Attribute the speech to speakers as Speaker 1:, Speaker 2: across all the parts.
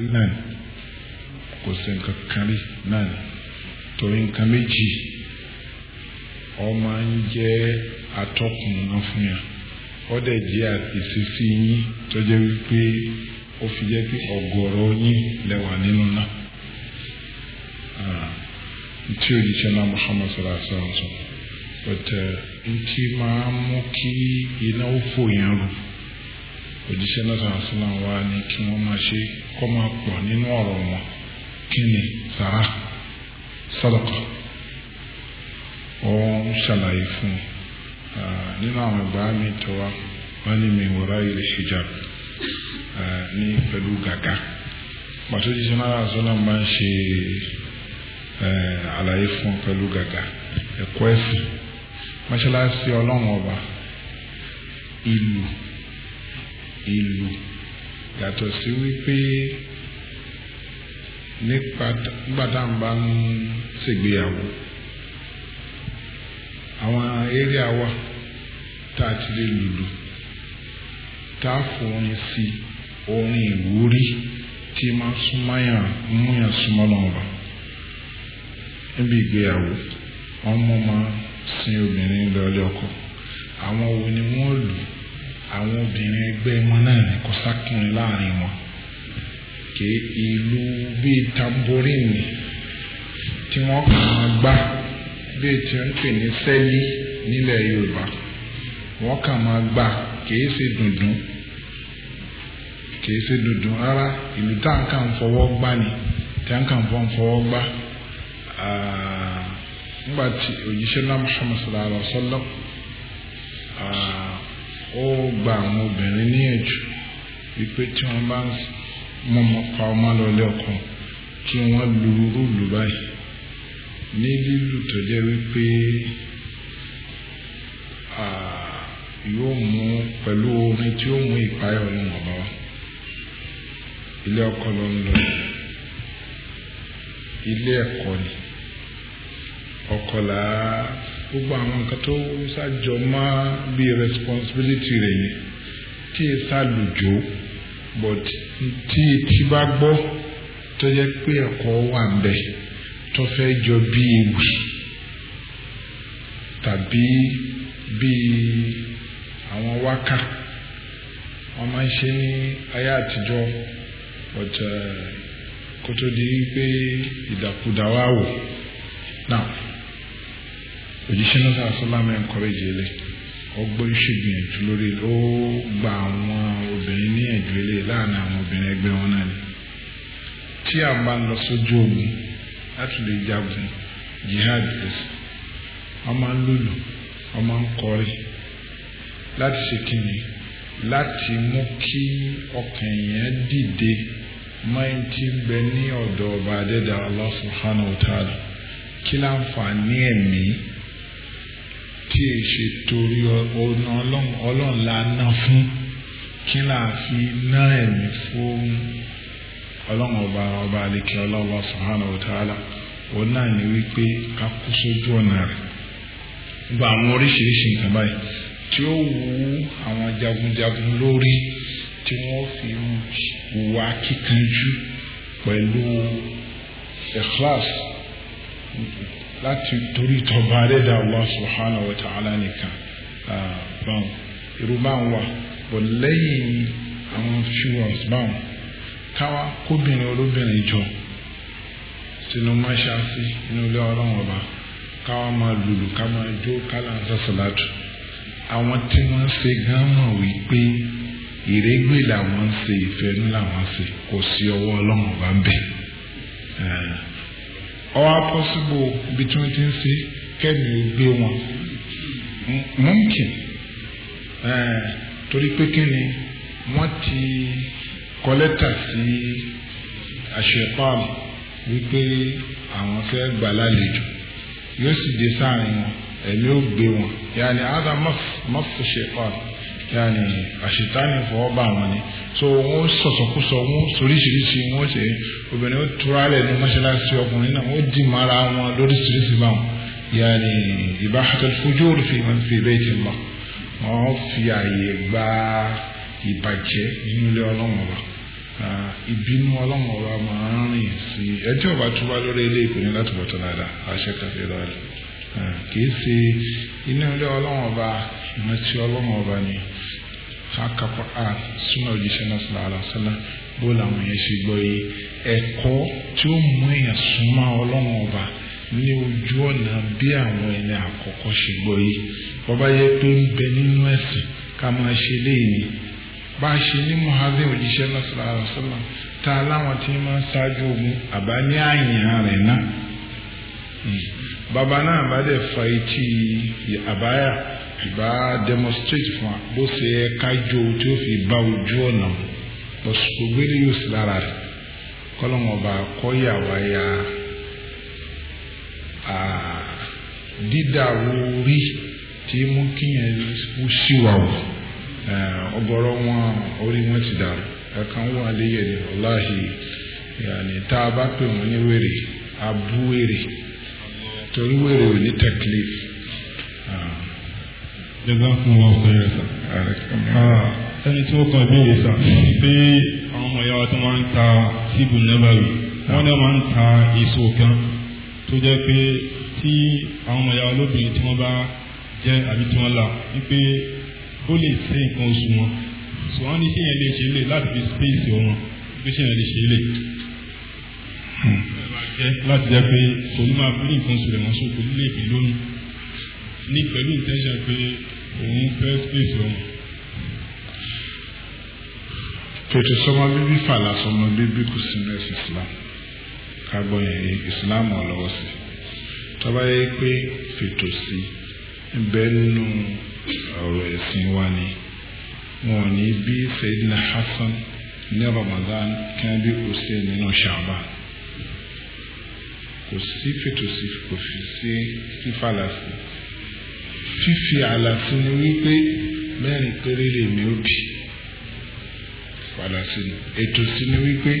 Speaker 1: rí náà ni kò sí nǹkan kan rí náà ni torí nǹkan méjì ọ máa ń jẹ́ atọ́kùn náà fún yàn ọ dẹ̀ jẹ́ ìṣesí yín tó jẹ́ wípé ó fi jẹ́ pé ọ̀gọ̀rọ̀ yín lẹ́wà nínú náà tí o di kyɛn na muhammad sallallahu alaihi wa sallam but eh, máa mú kí iná ó fò yẹn rú òjíṣẹ́ náà sàn sílá wa ni kí wọ́n máa ṣe kọ́ máa pọ̀ nínú ọ̀rọ̀ wọn kí ni sàrà sàdákà wọ́n ṣàlàyé fún nínú àwọn ìgbà mi tó wá wọ́n ní mi wọ́rá ilé hijab ní pẹ̀lú gàgà pàtó jíṣẹ́ náà sọ́nà máa ń ṣe àlàyé fún pẹ̀lú gàgà ẹ̀kọ́ ẹ̀sìn mọ́ṣáláṣí ọlọ́run ọba ìlú ìlú yàtọ̀ sí wípé nípa gbàdánbà ń ṣègbéyàwó àwọn eré àwa tá a ti lè lùlù tá a fòrin sí orin ìwúrí tí máa súnmáyàn múyàn súnmọ́ lọ́wọ́ níbi ìgbéyàwó ọmọ máa sin obìnrin lọ́lẹ́ ọkọ àwọn wo ni wọ́n lù ú. àwọn obìnrin ẹgbẹ́ wọn náà ní kò sákùnrin láàrin wọn kì í ìlú bíi tamborini tí wọ́n kàn án gbá bíi tí wọ́n pè ní sẹ́lí nílẹ̀ Yorùbá wọ́n kàn gbà kìí ṣe dùndùn kìí ṣe rárá ìlú gbá ni tá à ń kàn fọwọ́ fọwọ́ gbá nígbà ó gba àwọn obìnrin níyànjú wípé tí wọ́n bá ń mọ́mọ́ pa ọmọ lọ́lẹ́ ọkàn kí wọ́n lu rúùlù báyìí ní lílù tó jẹ́ wípé yóò mú pẹ̀lú orin tí ó mú ìpayọ̀ ọlọ́run ọba ilé ọkọ ló ń lọ ilé ẹ̀kọ́ ni ọkọ làá gbogbo àwọn nǹkan tó ṣàjọ má bí responsibility rẹ̀ yẹn tí ì ṣàlùjọ but tí ì ti bá gbọ́ tó jẹ́ pé ẹ̀kọ́ wà bẹ́ẹ̀ tó fẹ́ jọ bí ewì tàbí bí àwọn wákà wọ́n máa ń ṣe ní ayé àtijọ́ but eh, kó tó di pé ìdàkudà wà wò now òjíṣẹ́ náà sáà sọ́lámẹ́ encourage ilé ọgbọ́n ìṣègbìyànjú lórí ó gba àwọn obìnrin ní ẹ̀jú ilé láàrin àwọn obìnrin ẹgbẹ́ wọn náà ni tí a bá ń lọ sójú ogun láti lè jagun jihad lẹ́sìn wọ́n máa ń lòlù wọ́n máa ń kọrin láti ṣe kíni láti mú kí ọkàn yẹn dìde máa ń ti gbẹ ní ọ̀dọ̀ ọba adẹ́dàá Allah subhanahu wa ta'ala kí láǹfààní ẹ̀mí tí è ṣe torí ọ̀nà ọlọ́run ọlọ́run la ná fún kí là fi ná ẹ̀mí fún ọlọ́run ọba ọba àlekè ọlọ́run subhanahu wa ta'ala òun náà ni wípé ká kú sójú ọ̀nà rẹ̀ gba àwọn oríṣiríṣi nǹkan báyìí tí ó wú àwọn jagunjagun lórí tí wọ́n fi wà kíkanjú pẹ̀lú ikhlas láti torí tọba adẹ́dà Allah subhanahu wa ta'ala nìkan báwọn irú báwọn wà bọ̀ lẹ́yìn àwọn fuels báwọn káwa kóbìnrin olóbìnrin jọ sínú máṣáṣí inú ilé ọlọ́run ọba káwa máa lùlù ká máa jó kálá ń sàṣàlátù àwọn tí wọ́n ṣe gan mọ̀ wípé ìrégbè làwọn ń ṣe ìfẹ́ ńlá wọn ṣe kò sí ọwọ́ ọlọ́run ọba ń ọwọ́ apọ́sibò ibi tí wọ́n ti ń ṣe kẹ́mi ò gbé wọn mọ́ǹkì eh, torí pé kí ni wọ́n ti kọ lẹ́tà sí àṣepáàmù wípé àwọn fẹ́ gbà lálejò yóò sì dé sáàrin wọn ẹ̀mí ò gbé wọn yàní ada mọ́fù ṣepáàmù yàní àṣetánì fọwọ́ bá wọn ni so wọ́n sọ̀sọ̀kúsọ wọ́n sóríṣiríṣi wọ́n ṣe obìnrin ó tura rẹ̀ ní mọ́ṣáláṣí ọkùnrin náà wọ́n dì mara wọn lóríṣiríṣi báwọn yàní ibahatul fujur fi man fi baytillah wọ́n fi àyè gba ìbàjẹ́ nínú ilé ọlọ́run ọba ìbínú ọlọ́run ọba máa ń rìn sí ẹjọ́ ọba tó bá lórí ilé ìpínlẹ̀ láti bọ̀ tán dáadáa àṣẹ kàfẹ́ lọ́ọ̀lì kì í ṣe inú ilé ọlọ́run ọba ìrántí ọlọ́run ni káka Quran súnà òjíṣẹ́ náà ala àlàsílà bó làwọn yẹn ṣe gbọ́ yìí ẹ̀kọ́ tí ó mú èèyàn súnmọ́ ọlọ́run ọba ní ojú ọ̀nà bí àwọn ẹni àkọ́kọ́ ṣe gbọ́ yìí bọ́bá yẹ pé ń bẹ nínú ẹ̀sìn ká máa ṣe léyìí bá a ṣe ní muhammed òjíṣẹ́ náà sọ̀rọ̀ àlàsílà ta láwọn tí máa ń ṣáájú ogun àbá ní àyàn rẹ̀ náà hmm. bàbá náà bá dẹ̀ fa etí àbáyà ìbá demonstrate fún wa bó ṣe yẹ kájọ tí ó fi bá ojú ọ̀nà bọ̀sùkò gbére yóò sí lára rẹ̀ kọ́lọ́mọ̀ ọba kọ́yà wáyà dídàrú rí tí mú kíyàn ṣíwà wò ọ̀gọ̀rọ̀ wọn orí wọn ti dàrú ẹ̀kan wọn aléyẹ ni wàláhì yàní tá a bá pè wọn ní wèrè abú wèrè torí wèrè ò ní tẹ̀klif jazakumullahu khairan sà. Ah,
Speaker 2: ẹni tí ó kàn béèrè sà pé àwọn ọmọ ìyá wa tó máa ń ta síbù nẹ́bàrì wọ́n náà máa ń ta èso kan tó jẹ́ pé tí àwọn ọmọ ìyá wa lóbìnrin tí wọ́n bá jẹ́ àbí tí wọ́n là wípé ó lè ṣe nǹkan oṣù wọn sọ wọn ní ṣé yẹn lè ṣe lè láti fi space wọn pé ṣé yẹn lè ṣe lè hmm. láti jẹ́ pé kò ní máa bí nǹkan oṣù rẹ̀ wọ́n sọ kò ní lè fi lóyún ní pẹ̀lú intention pé òun fẹ́ space
Speaker 1: òun. tètè sọmọ bíbí fàlà sọmọ bíbí kù sínú ẹ̀sìn Islam ká gbọ́ yẹn Islam ọ̀lọ́wọ́ sí tọ́ba yẹ pé fètò sí bẹ́ẹ̀ nínú ọ̀rọ̀ ẹ̀sìn wa ni wọn ní bí Sayyidina Hasan ní Ramadan kí wọ́n bí Hussein nínú Sha'ban kò sí fètò sí kò fi sí sí sí fífi ààlà fún mi wípé mẹ́rin péré lèmi ó bì padà sínú ètò sí ni wípé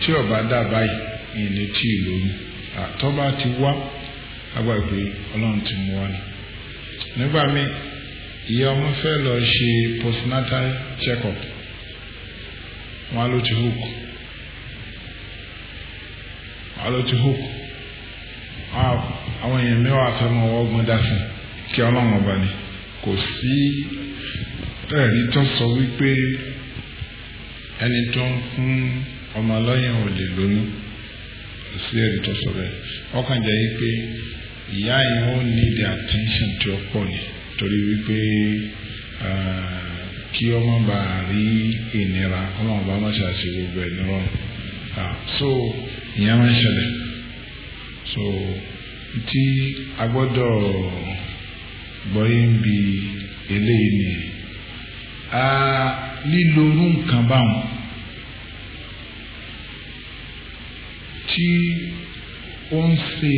Speaker 1: tí ọba dà báyìí ìní tí ìlú mi àtọ́ba ti wá agbàgbé ọlọ́run ti mú wá ni nígbà míì ìyá ọmọ fẹ́ lọ ṣe postnatal check-up wọn ló ti hook wọn ló ti hook àwọn èèyàn mẹ́wàá fẹ́ mọ ọgbọ́n dá sí i kí ọlọ́run ọba ni kò sí ẹ̀rí tó sọ wípé ẹni tó ń fún ọmọlọ́yìn ò lè lóyún kò sí ẹ̀rí tó sọ bẹ́ẹ̀ ọkàn jẹ́ wípé ìyá yìí ó need attention tí ó pọ̀ ni torí wípé kí ọmọ bá rí ìnira ọlọ́run ọba má ṣàṣì gbogbo ẹ̀ nírọ̀rùn so ìyẹn máa ń ṣẹlẹ̀ so tí a gbọ́dọ̀ bọ́yé ń bi eléyìí nìyẹn lílo orú nǹkan báwọn tí ó ń ṣe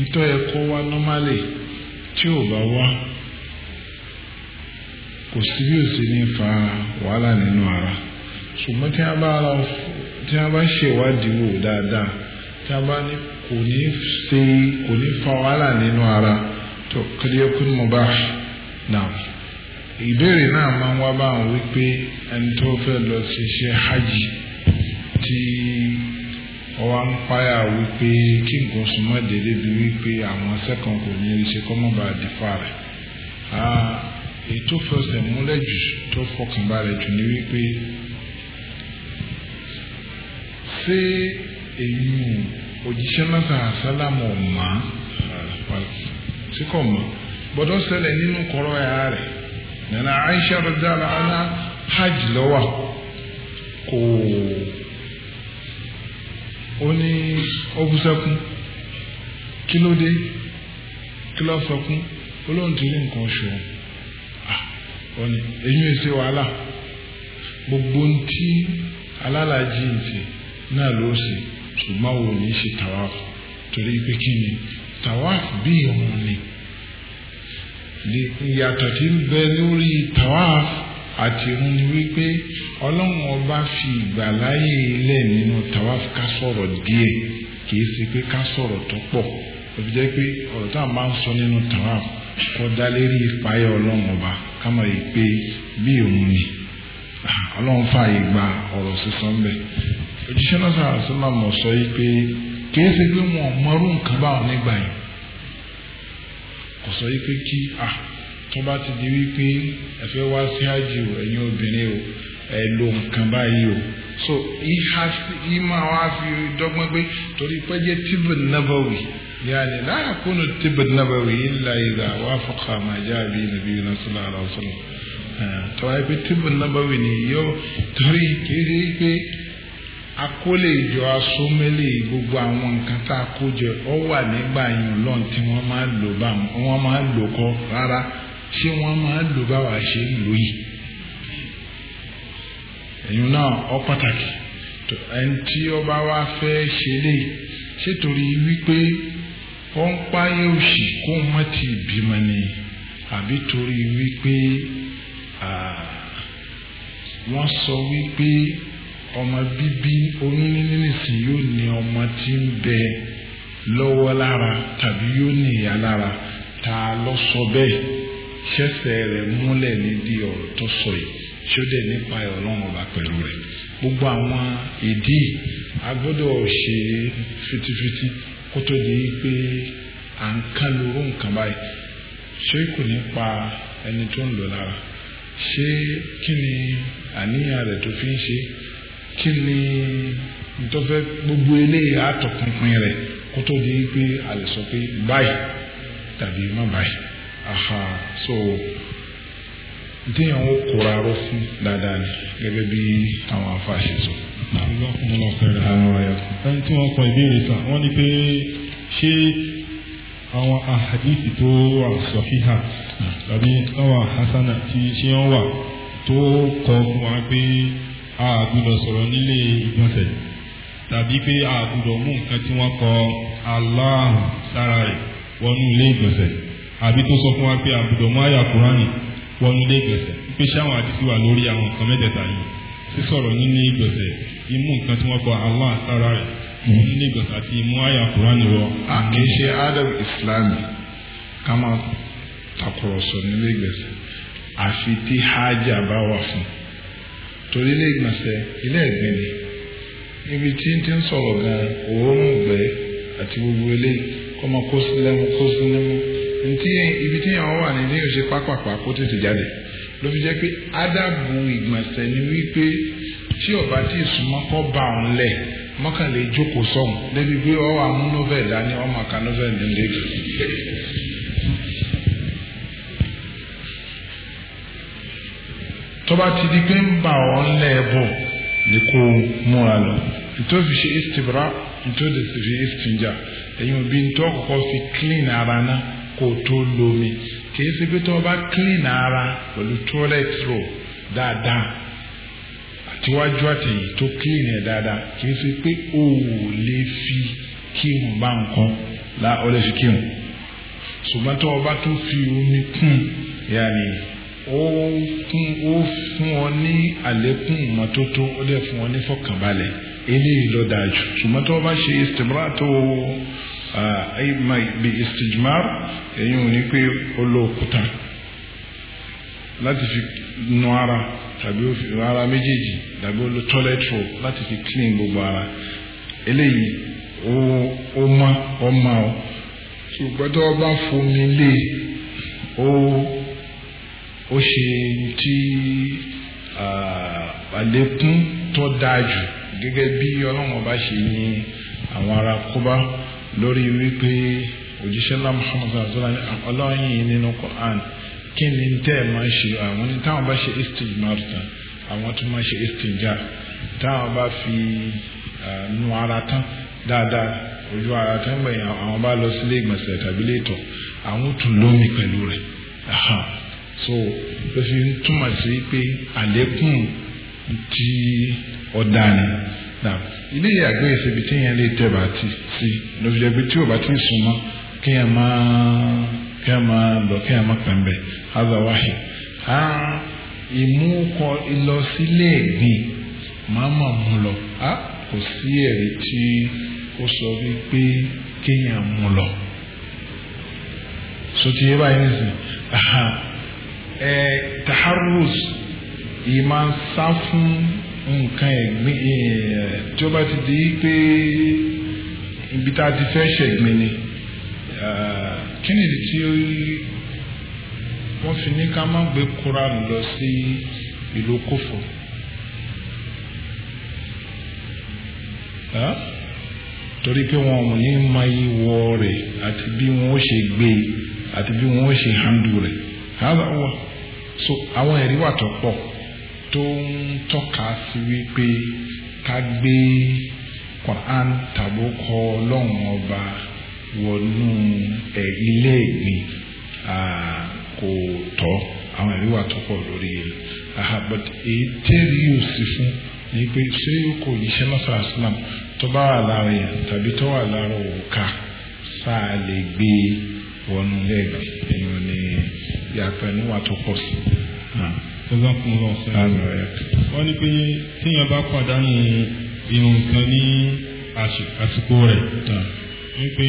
Speaker 1: ntọ́ ẹ̀kọ́ wa nọ́málì tí ò bá wá kò sí bí ó sì ní fa wàhálà nínú ara ṣùgbọ́n tí a bá ara tí a bá ṣèwádìí wò dáadáa tí a bá ní kò ní ṣe kò ní fa wàhálà nínú ara tó kọ́díẹ́kùn mubah náà ìbéèrè náà máa ń wá báwọn wípé ẹni tó fẹ́ lọ ṣiṣẹ́ hajj tí ọwọ́ ń páyà wípé kí nǹkan súnmọ́ délé bi wípé àwọn sẹ́kàn kò ní ṣe kọ́ mọ́ bá dìfà rẹ̀ ètò fẹsẹ̀ múlẹ̀ jù tó fọkàn balẹ̀ jù ní wípé ṣé èyí òjíṣẹ́ náà sàlámù ọ̀mà tí kò mọ̀ gbọ́dọ̀ ṣẹlẹ̀ nínú kọ̀rọ̀ ẹ̀yà rẹ̀ nana Aisha radala ana hajj lọ́wà kò ó ní ọbúsẹ́kún kí ló dé kí ló sọkún olóhùn ti rí nǹkan oṣù ọ ah, ní eyín èsè wàhálà gbogbo ń tí alálàájì ìsè náà ló ṣùgbọ́n òun ní ṣe tàwa torí pé kí ni tawaf bí ìrun ni ìyàtọ̀ tí ń bẹ lórí tawaf àti ìrun ni wípé ọlọ́run ọba fi ìgbàláyè ilẹ̀ nínú tawaf ká sọ̀rọ̀ díẹ̀ kìí ṣe pé ká sọ̀rọ̀ tó pọ̀ òbí jẹ́ pé ọ̀rọ̀ tá a máa ń sọ nínú tawaf kọ́ dá lérí ìpayà ọlọ́run ọba ká mọ̀ yìí pé bí ìrun ni ah, ọlọ́run fààyè gba ọ̀rọ̀ sísọ bẹ̀ òjíṣẹ́ náà sàrà sọ́nà mọ̀ sọ yìí pé kìí ṣe pé wọn mọrú nǹkan báwọn nígbà yẹn kò sọ yìí pé kí a tó bá ti di wípé ẹ fẹ́ wá sí àjì o ẹ̀yin obìnrin o ẹ lo nǹkan báyìí o so yìí máa wá fi dọ́gbọ́n pé torí pé jẹ́ tibul nabawi yàrá la yakunu tibul nabawi illa idha wafaqa ma jaa bihi nabiyuna sallallahu alaihi wasallam tọ́wáyé pé tibul nabawi ni yóò torí kìí ṣe pé akólé ìjọ asómélé gbogbo àwọn nǹkan tá a kó jẹ ọ wà nígbà yẹn lọ́n tí wọ́n máa lò bá wọ́n máa lò kọ́ rárá tí wọ́n máa lò bá wàá ṣe lò yìí ẹ̀yìn náà ọ pàtàkì ẹni tí ọba wa fẹ́ ṣe lè ṣètòrí wípé ó ń páyé òṣì kó má ti bímọ ni àbí torí wípé wọ́n sọ wípé ọmọ bíbí oyún níní nìsín yóò ní ọmọ tí ń bẹ lọ́wọ́ lára tàbí yóò ní ìyá lára ta lọ sọ bẹ́ẹ̀ ṣẹ̀ṣẹ̀ rẹ̀ múlẹ̀ nídìí ọ̀rọ̀ tó sọ yìí tí ó dẹ̀ nípa ọlọ́run ọba pẹ̀lú rẹ̀ gbogbo àwọn ìdí agbọ́dọ̀ ṣe fitifiti kó tó di pé à ń kán lóró nǹkan báyìí ṣé kò ní pa ẹni tó ń lò lára ṣé kí ni àníyàn rẹ̀ tó fi ń ṣe é kí ni ntọ́fẹ́ gbogbo eléyìí àtọkùnkùn rẹ̀ kó tó di pé a lè sọ pé báyìí tàbí má báyìí aha so ntẹ́yàn ó kóra ró fún dáadáa ni gẹ́gẹ́ bí àwọn afáàṣẹ sọ. ẹni
Speaker 2: tí wọ́n kọ ìbéèrè sàn wọ́n ní pé ṣé àwọn ahadisi tó wà sọ̀híhà tàbí àwọn hasana tí ṣé wọ́n wà tó kọ fún wa pé a gbọ́dọ̀ sọ̀rọ̀ nílé ìgbọ̀nsẹ̀ tàbí pé a gbọ́dọ̀ mú nǹkan tí wọ́n kọ Allahu sára rẹ̀ wọnú ilé ìgbọ̀nsẹ̀ àbí tó sọ fún wa pé a gbọ́dọ̀ mú àyà kúránì wọnú ilé ìgbọ̀nsẹ̀ pé sáwọn àdìsí wà lórí àwọn nǹkan mẹ́tẹ̀ẹ̀ta yìí sísọ̀rọ̀ nínú ìgbọ̀nsẹ̀ imú nǹkan tí wọ́n kọ
Speaker 1: Allah sára rẹ̀ nínú ìgbọ̀nsẹ̀ àti imú àyà kúránì wọ. a kì í ṣe adam islami ká máa takùrọ̀sọ nílé ìgbọ̀nsẹ̀ àfi tí hajj bá wà fún un torí ilé ìgbọ̀nsẹ̀ ilé ẹ̀gbìn ni ibi tí n ti ń sọ̀rọ̀ gan òórùn ìgbẹ́ àti gbogbo ilé kọ́ máa kó sí lẹ́mu kó sí lẹ́mu ntí ibi tí yàn wà ní yóò ṣe pápápá kó tètè jáde ló fi jẹ́ pé ádàbù ìgbọ̀nsẹ̀ ni wípé tí ọba tí ìsúnmọ́ kọ́ bá òun lẹ̀ mọ́kànlé jókòó sọ̀hún débi pé ọ wà mú ọmọ àká tó bá ti di pé ń bà ọ́ ńlẹ̀ bọ̀ ni kò múra lọ nítorí fi ṣe istibra nítorí fi istinja ẹ̀yin òbí nítorí kọ́kọ́ fi clean ara náà kó o tó lomi kì í ṣe pé tó bá clean ara pẹ̀lú toilet roll dáadáa àtiwájú àtẹ̀yìn tó clean ẹ̀ dáadáa kì í ṣe pé o ò lè fi kírun bá nǹkan la ọ lè fi kírun ṣùgbọ́n tó o bá tó fi omi kún yàrá nìyí. ó kún ó fún ọ ní àlékún ìmọ́tótó ó dẹ̀ fún ọ ní fọkànbalẹ̀ eléyìí ló dáa jù ṣùgbọ́n tó o bá ṣe istimra tó o ma bi istijmar ò ní pé ó lo òkúta láti fi nu ara tàbí ó fi ara méjèèjì tàbí ó lo toilet roll láti gbogbo ara eléyìí ó ó ṣùgbọ́n tó ó ṣe ti àlékún tó dáa jù gẹ́gẹ́ bí ọlọ́run ọba ṣe yin àwọn ará kóbá lórí wípé òjíṣẹ́ ńlá muhammadu azọ́láni ah, ọlọ́run yìí nínú Quran kí ni tẹ́ ẹ̀ máa ṣe àwọn ní táwọn bá ṣe istijmar tán àwọn tó máa ṣe istijjar táwọn bá fi nu ara tán dáadáa ojú ara tán gbẹ̀yìn àwọn bá lọ sílé ìgbọ̀nsẹ̀ tàbí létọ̀ àwọn tún lómi pẹ̀lú rẹ̀ so ló fi ń túmọ̀ sí pé àlékún ti ọ̀dà ni now ilé ìyàgbé ìsebi tí yẹn lè tẹ̀bà ti sí ló fi jẹ́ pé tí ò bá ti ń sùn mọ́ kí yẹn máa kí yẹn máa lọ kí yẹn máa pẹ̀mbẹ̀ azawahi ìmú kọ ìlọ sílé ẹ̀gbìn máa mà mú lọ kò sí ẹ̀rí tí ó sọ wípé kéèyàn mú lọ. sotiyeba yẹn nìsín ẹ taharus yìí máa ń sá fún nǹkan ẹ̀gbin tí ó bá ti di pé ibi tá a ti fẹ́ ṣẹ̀gbin ni kí ni tí wọ́n fi ní ká má gbé Quran lọ sí ìlú kófò. torí pé wọn ò ní máa yí wọ rẹ̀ àti bí wọ́n ṣe gbé àti bí wọ́n ṣe handle hàdà wọ so àwọn ẹ̀rí wà tó pọ̀ tó ń tọ́ka sí wípé ká gbé Quran tàbó kọ ọlọ́run ọba wọnú ẹ̀ ilé ìgbìn kò tọ́ àwọn ẹ̀rí wà tó pọ̀ lórí yẹn but èyí tẹ́rí yóò sí fún ni pé ṣé kò yíṣẹ́ lọ́sàá islam tó bá wà lára yẹn tàbí tó wà lára òkà sáà lè gbé wọnú lẹ́gbẹ̀ẹ́ ẹ̀yìn òní yàtọ̀ ní wà tó pọ̀ sí. Ah,
Speaker 2: wọ́n ní pé tíyan bá pàdánù irun kan ní àsìkò rẹ̀ ah. ní pé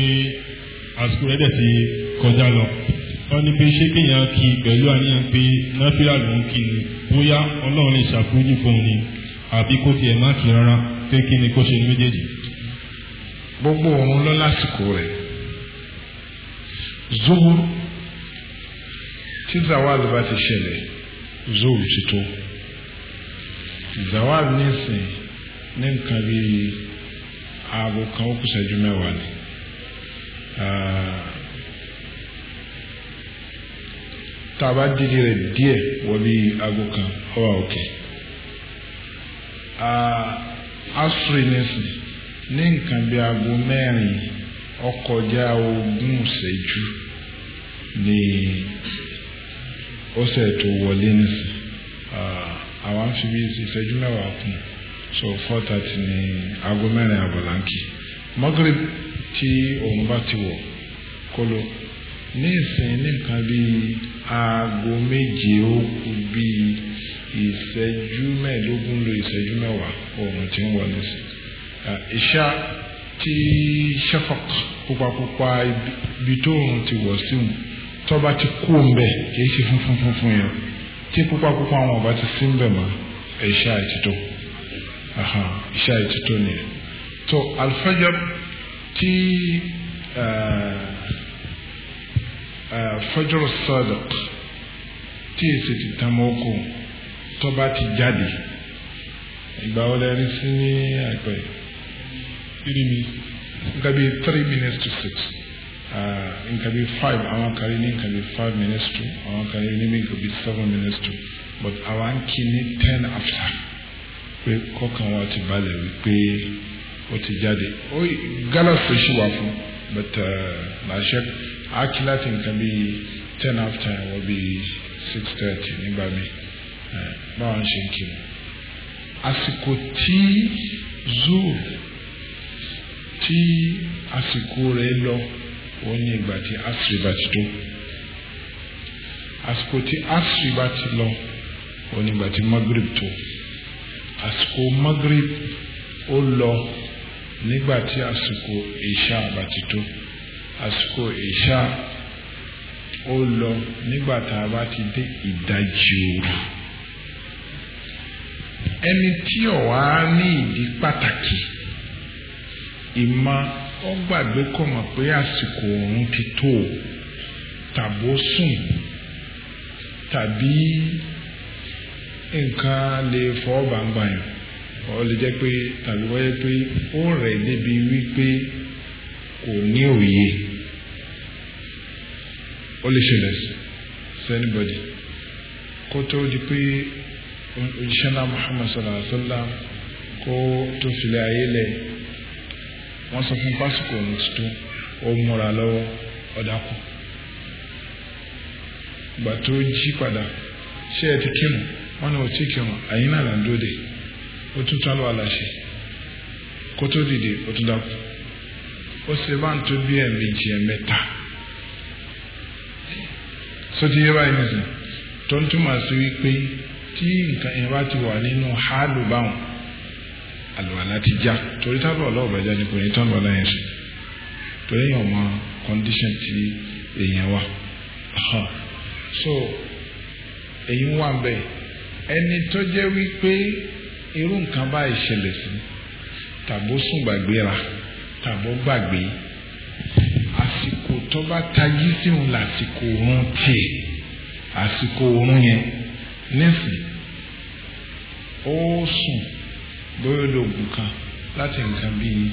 Speaker 2: àsìkò rẹ̀ dẹ̀ ti kọjá lọ wọ́n ní pé ṣé kéèyàn kí pẹ̀lú àníyàn pé náfíà ló ń kí ni bóyá ọlọ́run lè ṣàforíjì fún un ni àbí kó tiẹ̀ má kí rárá pé kí ni kó ṣe ní méjèèjì.
Speaker 1: gbogbo òun lọ lásìkò rẹ̀ zuhur tí zawal bá ti ṣẹlẹ̀ zoro ti tó zawal nísìn ní nǹkan bí aago kan ó kù ṣẹ́jú mẹ́wàá ni ah, tá a bá dídí rẹ̀ díẹ̀ wọ bí aago kan ó wà òkè ah, asiri nísìn ní nǹkan bí aago mẹ́rin ó kọjá ogún ṣẹ́jú ni ọ̀sẹ̀ tó wọlé nísìn àwọn fi bí ìṣẹ́jú mẹ́wàá kún so four thirty ní aago mẹ́rin àbọ̀láńkì Maghrib tí òun bá ti wọ̀ kọlọ ní ìsìn ní nǹkan bíi aago méje ó kù bíi ìṣẹ́jú mẹ́ẹ̀ẹ́dógún lo ìṣẹ́jú mẹ́wàá oòrùn ti ń wọ nísìn ìṣá tí shafaq pupapupa ibi tó oòrùn ti wọ̀ síhùn tọ́ba ti kú ńbẹ kì í ṣe funfun funfun yẹn tí pupa pupa àwọn ọba ti sí ńbẹ mọ́ ẹ̀ṣẹ́ àìtítọ́ ẹ̀ṣẹ́ àìtítọ́ nìyẹn tó alifajab tí fajr sadiq tí èsì ti tàn mọ́ kó tọ́ba ti jáde ìgbà wọlé ẹni sí ní àìpẹ́ yìí nǹkan bíi three minutes to six. Uh, nǹkan bíi five àwọn kan rí can be five minutes to àwọn kan rí ní nǹkan be seven minutes to but àwa ń kí ten after pé kọ́kàn wọn ti balẹ̀ wípé ó ti jáde ó gánà tó ṣì wà fún but làṣẹ uh, àkí láti nǹkan bíi ten after wọ́n be six thirty nígbà míì uh, báwa ń ṣe ń kí wọn àsìkò zoo tí àsìkò rẹ̀ lọ ó ní ìgbà tí asiri bá ti tó àsìkò tí asiri bá ti lọ ó ní ìgbà tí magrib tó àsìkò magrib ó lọ nígbà tí àsìkò ìṣá bá ti tó àsìkò ìṣá ó lọ nígbà tá a bá ti dé ìdajì òru ẹni tí ó wà ní ìdí pàtàkì ìmọ̀ ọgba gbàgbé kọ́ mọ̀ pé àsìkò òun ti tó o tàbó sùn tàbí nǹkan lè fọ́ bàǹgbà yàn ọ lè jẹ́ pé tàbí wáyé pé ó rẹ̀ débi wípé kò ní òye ó lè ṣẹlẹ̀ sẹ́nibọ́dì kó tó di pé òjíṣẹ́ náà sallallahu alaihi wa sallam kó tó filẹ̀ ayé lẹ̀. wọ́n sọ fún pásítọ̀ òun ti tó ó múra lọ́wọ́ ọ̀dà kù ìgbà tó jí padà ṣé ẹ ti kírun wọn ni ò tí kírun àyín náà là ń dóde ó tún tún àlọ́ àlàṣe kó tó dìde ó tún dákú ó ṣe bá ń tó bí ẹ̀ẹ̀mejì ẹ̀ẹ̀mẹ́ta só ti báyìí nìsín tó sí wípé tí nǹkan yẹn bá ti wà nínú hálù báwọn àlùwàlá ti já. Ja torí tábà ọlọ́ọ̀bà jáde kò ní tábà láyẹn sí torí èèyàn mọ condition ti èèyàn wa so èyí ń wà ń bẹ ẹni tó jẹ́ wípé irú nǹkan bá ìṣẹ̀lẹ̀ sí tàbó sùn gbàgbéra tàbó gbàgbé àsìkò tó bá tají sí òun lásìkò oorun tiẹ̀ àsìkò oorun yẹn nísìn ó sùn bóyá olóògùn kan láti nǹkan bíi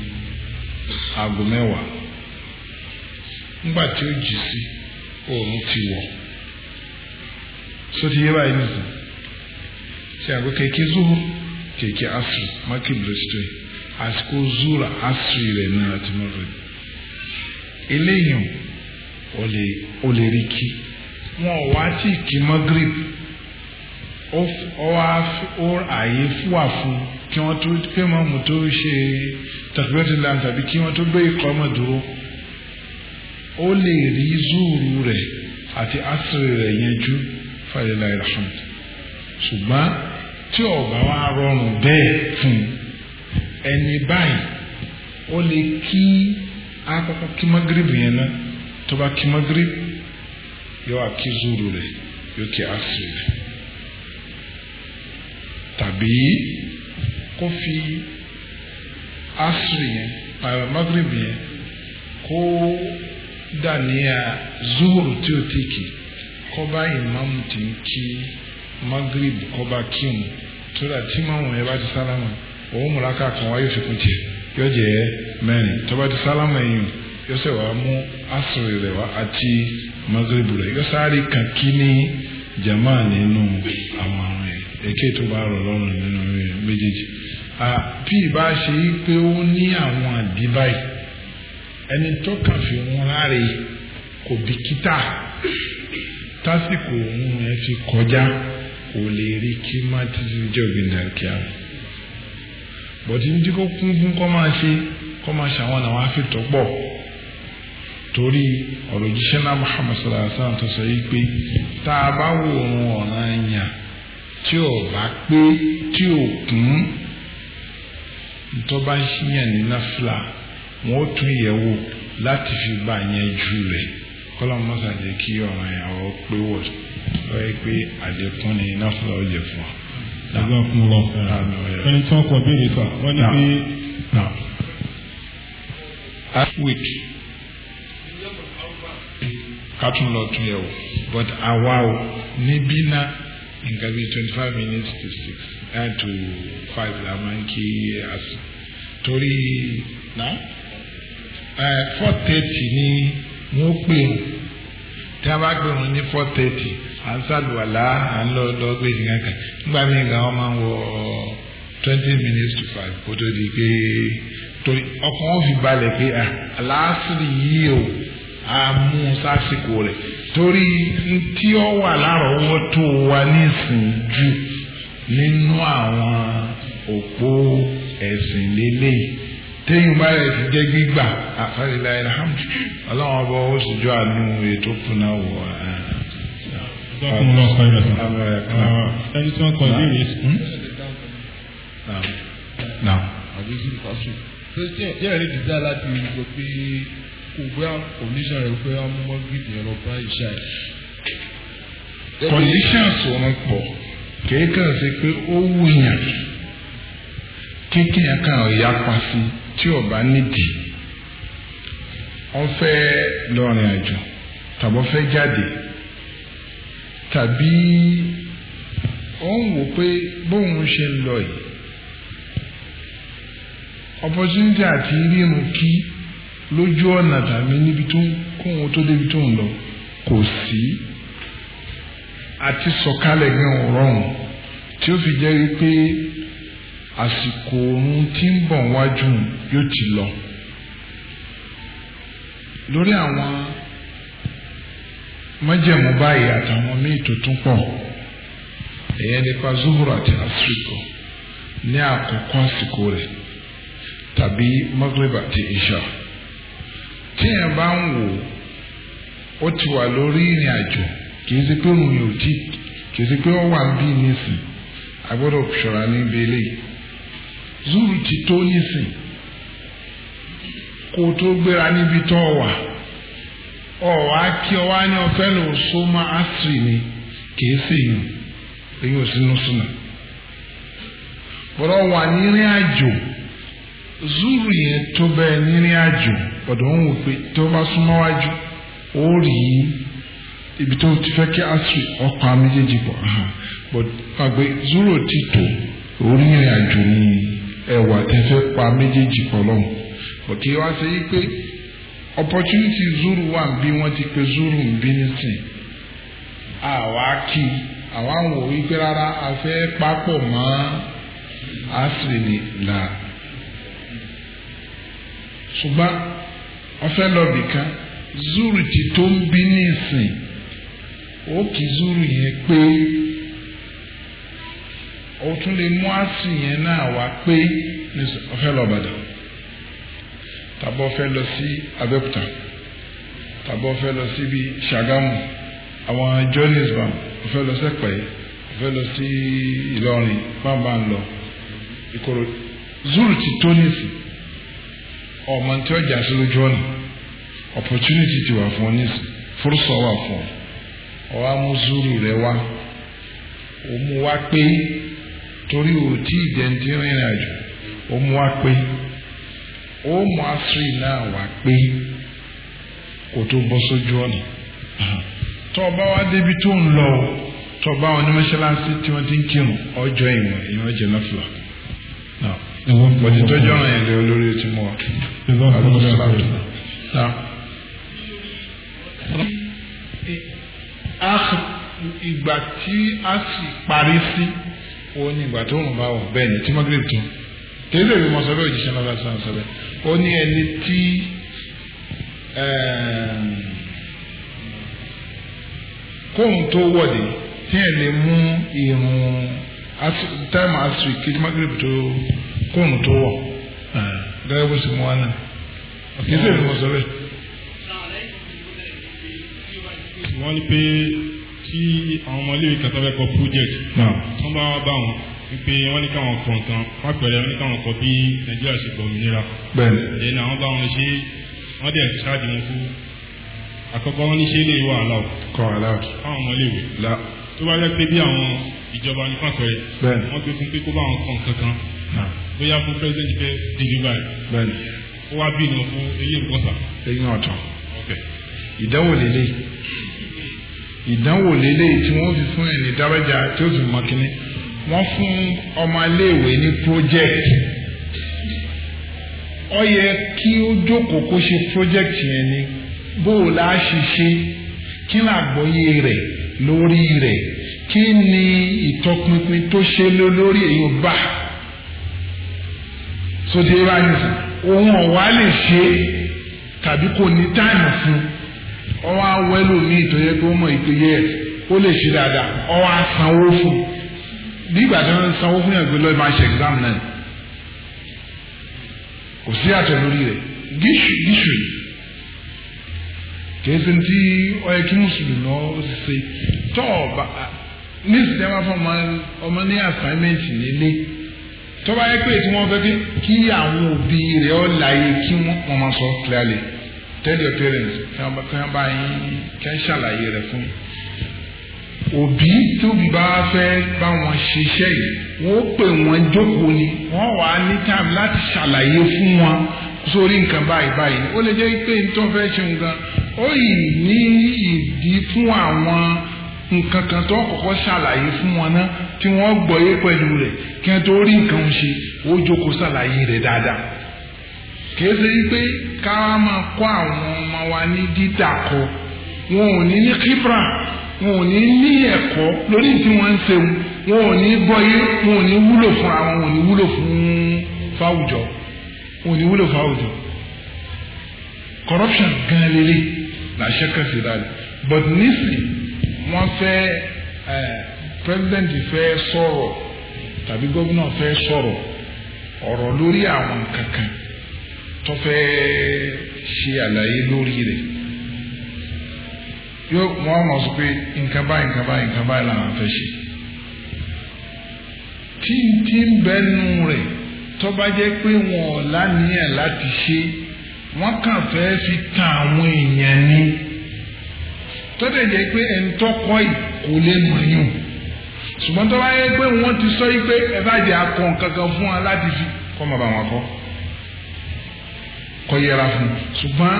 Speaker 1: aago mẹ́wàá o tí ó jì sí oòrùn ti wọ̀ sóti yé báyìí nìsín ṣe àgbo kèké zuhu asiri mákì bristol àsìkò asiri rẹ̀ náà ti mọ̀ rẹ̀ eléyìí ò lè rí kí wọn wá tí kì í mọ́ ó ààyè fúwà fún kí wọ́n tó pé mọ́mù tó ṣe tàbí tàbí kí wọ́n tó gbé ikọ̀ ọmọ dúró ó lè rí zúùrù rẹ̀ àti asiri rẹ̀ yanjú fàlẹ́lá ìrọ̀sùn ṣùgbọ́n tí ọ̀gá wa rọrùn bẹ́ẹ̀ fún ẹni báyìí ó lè kí akọ́kọ́ kí magrib yẹn náà tó bá kí magrib yóò wá kí zúùrù rẹ̀ yóò kí asiri rẹ̀ àbí kó fi asiri yẹn magrib yẹn kó dàníyà zuhuru tí o ti kì kó imam ti ń kí magrib kó bá kí mu tó dà tí màmú yẹn bá ti sálámà òun múra káàkan wáyé fipun tiẹ̀ yóò jẹ mẹ́rin tó bá ti sálámà yìí yóò sẹ wàá mú asiri rẹ wá àti magrib rẹ yóò sáré kankí jama nínú àwọn. èké tó bá rọ̀ lọ́rùn nínú méjèèjì bí ìbá ṣe yí pé ó ní àwọn àdí ẹni tó fi wọn láre kò bìkítà tásìkò òun ẹ fi kọjá kò lè rí kí má títí jọ̀gbìn dàkíá bọ̀dí ní kó kún fún kọ́ máa ṣe kọ́ máa ṣàwọn àwọn afẹ́tọ̀ pọ̀ torí ọ̀rọ̀ jíṣẹ́ náà Muhammad tó sọ a tí ò bá pé tí ò kún ntọ́ba yẹn ní náfìlà wọn ó tún yẹ̀ wò láti fi bá yẹn jù rẹ̀ kọ́lọ́mù mọ́sá jẹ́ kí ọ̀ràn ìyàwó pé wọ̀ lọ́yẹ́ pé àlékún ni náfìlà ó lè fún
Speaker 2: ọ. ẹgbẹ́ ọkùnrin lọ ẹni tí wọ́n kọ béèrè sọ wọ́n ní pé.
Speaker 1: Aswik ká tún lọ tún yẹ̀ but àwa ò níbí náà. In bíi twenty five minutes to six and uh, to five la máa as kí àṣù na uh, four thirty ni wọ́n pè wọ́n tí a bá pè ní four thirty à ń ṣàlùwàlá à ń lọ lọ gbé nǹkan kan nígbà míì gan wọ́n máa ń wọ twenty minutes to five kó tó di pé torí ọkàn wọn fi balẹ̀ pé aláàsìrì ah, yìí o àmú sásìkò rẹ̀ torí tí ó wà lárọ̀ọ́wọ́tó wa nísìn jù nínú àwọn òpó ẹ̀sìn lélẹ́yìí téyìn bá yẹ ti jẹ́ gbígbà àfẹ́lẹ́lá ilhamdu ọlọ́run ọba ó sì jọ àánú ètò kùnà wọ̀ uh, ẹni tí wọ́n kọ ìbéèrè sùn. Christian, kò bóyá oníṣà rẹ̀ pé amúmọ́ gidi yẹn lọ bá ìṣá yìí. conditions wọn pọ̀ kìí kàn sí pé ó wùyàn kékeré kan yapa sí tí ò bá nídìí wọ́n fẹ́ lọ́rin àjò tàbí wọ́n fẹ́ jáde tàbí òun wò pé bóun ṣe ń lọ yìí opportunity àti rírun kí lójú ọ̀nà tàbí níbi tó ń kún un tó débi tó ń lọ kò sí àti sọ̀kalẹ̀ gan rọrùn tí ó fi jẹ́ pé àsìkò oorun tí ń bọ̀ wájú yóò ti lọ lórí àwọn májẹ̀mú báyìí àtàwọn míì tó tún pọ̀ ẹ̀yẹ nípa zuhura àti asiriko ní àkókò àsìkò rẹ̀ tàbí magreba àti isha. téèyàn bá ń wò ó ti wà lórí ìrìn àjò kì í ṣe pé òun yóò kì í ṣe pé ó bí nísìn agbọ́dọ̀ níbi zuru ti tó nísìn kò tó gbéra níbi tó wà ọ kí ọ ní ma asiri ni kì í sì èyí ò sínú zuru yẹn tó bẹ́ẹ̀ nírìn àjò ọ̀dọ̀ ń wò pé tó bá súnmọ́ ibi tó ti fẹ́ kí asiri ọkọ̀ méjèèjì pọ̀ but agbe zuru ti tò orí àjò ní ẹwà tẹ́fẹ́ pa méjèèjì pọ̀ lọ́hùn but zuru wà bí ti pe zuru ń bí nísìn àwa kí àwa ń wò wípé rárá a fẹ́ asiri ni ṣùgbọ́n ọfẹ́ lọ́bì kan zuru ti tó ń bí ní ìsìn ó kì í zuru yẹn pé ó tún lè mú àsìn yẹn náà wá pé ọfẹ́ lọ́bàdàn tàbí ọfẹ́ lọ sí Abẹ́òkúta tàbí ọfẹ́ lọ síbi Ṣàgámù àwọn Johannesburg ọfẹ́ lọ sẹ́pẹ́ ọfẹ́ lọ sí Ìlọrin bá ń bá ń lọ ìkorò zuru ti tó ní ɔmante ɔgya so lodwo no opportunity ti wɔ afɔn ne si forosɔ wɔ afɔn ɔwɔ amuzuru rɛ wa ɔmu wa pe torí o ti dɛnti rìnrìn àjò ɔmu asiri náà wa pé kò tó bọ́ sójú ọ̀nà tọ́ọ̀bá wa débi tó ń lọ tọ́ọ̀bá wọn ní mọ́ṣáláṣí tí wọ́n ti ń kírun ọjọ́ ìwọ̀n bọ̀dé tó jọ́ràn yẹn lé olórí ti mú wa àlùkò sàlàtù. ìgbà tí a sì parí sí òun ni ìgbà tó rùn bá wọ̀ bẹ́ẹ̀ ni tí magreth tún tẹ́lẹ̀ ìlú mọ̀ sọ́bẹ̀ òjíṣẹ́ náà lásán sọ́bẹ̀ ó ní ẹni tí kóhun tó wọ̀dé tí ẹ̀ lè mú irun táìmù asiri kí magreth tó fóònù tó wọ̀ gẹ́gẹ́ bó sì mú wa náà kì í sì èmi mo sọ bẹ́ẹ̀.
Speaker 2: wọ́n ní pé tí àwọn ọmọ iléèwé kan tó fẹ́ kọ project tó bá wá bá wọn wípé wọ́n ní káwọn kọ nǹkan wọ́n pẹ̀lẹ́ wọ́n ní káwọn kọ bí nàìjíríà ṣe gbọ̀ òmìnira. bẹ́ẹ̀ni. ìyẹn náà wọ́n bá wọn ṣe wọ́n dẹ̀ ṣáàdì wọn fún àkọ́kọ́ wọn ní ṣe lè wà aláwọ̀. kọ́ aláwọ̀. káwọn ọmọ iléèwé. la tó bá yẹ pé bí àwọn ìjọba ní pàtó yẹ. bẹ́ẹ̀ni. wọ́n gbé fún pé kó bá wọn kọ nǹkan kan bóyá fún president fẹ́ dìbí báyìí. bẹ́ẹ̀ni.
Speaker 1: ó wá bí ìnáwó fún eyín nǹkan sà. eyín ọ̀tọ̀. ìdánwò lélẹ̀ ìdánwò lélẹ̀ tí wọ́n fi fún ẹni dárẹ́jà tí ó fi mọ kínní wọ́n fún ọmọ iléèwé ní project ó yẹ kí ó jókòó kó ṣe project yẹn ni bó o la ṣiṣẹ́ kí ni àgbọ́yé rẹ̀ lórí rẹ̀ kí ni ìtọpinpin tó ṣe lórí èyí ó bá a sóde bá ní sùn òun ọ̀wá lè ṣe tàbí kò ní táìmù fún ọwọ́ awọ ẹlòmíì tó yẹ kó mọ̀ ìpè yẹ ó lè ṣe dáadáa ọwọ́ asanwó fún bí ìgbà tó ń sanwó fún yàn gbé lọ́ọ́ máa ṣe exam náà kò sí àtọ̀ lórí rẹ̀ gíṣù gíṣù yìí kèésì tí ọyẹ kí mùsùlùmí ọ ṣe tọ́ ọba nísìnyẹ́wá fún ọmọ ní assignment nílé tó yẹ pé tí wọ́n fẹ́ kí àwọn òbí rẹ̀ ọ́ láyé kí wọ́n máa sọ clearly tell your parents kí wọ́n bá yín kí wọ́n ṣàlàyé rẹ̀ fún yín òbí tó bá fẹ́ bá wọn ṣiṣẹ́ yìí wọ́n pè wọ́n jókòó ni wọ́n wà á ní time láti ṣàlàyé fún wọn sórí nǹkan báyìí báyìí ó lè jẹ́ pé nítorí fẹ́ ṣe nǹkan ó yìí ní ìdí fún àwọn nǹkan kan tó kọ́kọ́ ṣàlàyé fún wọn náà tí wọ́n gbọ́yé pẹ̀lú rẹ̀ kí wọ́n tó rí nǹkan ṣe ó jókòó ṣàlàyé rẹ̀ dáadáa kìí ṣe pé ká máa kọ́ àwọn ọmọ wa ní dídà kọ wọn ò ní ní kíbrà wọn ò ní ní ẹ̀kọ́ lórí tí wọ́n ń ṣe wọn ò ní gbọ́yé wọn ò ní wúlò fún àwọn wọn ò ní wúlò fún fáwùjọ wọn ò ní wúlò fáwùjọ corruption gan lele làṣẹ kẹsì dáadáa but nísìn wọ́n fẹ́ ẹ̀ president fẹ́ sọ̀rọ̀ tàbí gómìnà fẹ́ sọ̀rọ̀ ọ̀rọ̀ lórí àwọn kankan tó fẹ́ ṣe àlàyé lórí rẹ̀ yóò wọ́n mọ̀ sọ pé nǹkan báyìí nǹkan báyìí nǹkan báyìí làwọn fẹ́ ṣe tí tí ń bẹnu rẹ̀ tó bá jẹ́ pé wọn ò láníyàn láti ṣe wọ́n kàn fẹ́ fi tan àwọn èèyàn ni tó dẹ̀ jẹ́ pé ẹni tó kọ́ yìí kò ṣùgbọ́n tó bá yẹ pé wọ́n ti sọ yìí pé ẹ bá jẹ́ akọ kankan fún wa láti fi kọ́ máa bá wọn kọ́ kọ́ yẹra fún un ṣùgbọ́n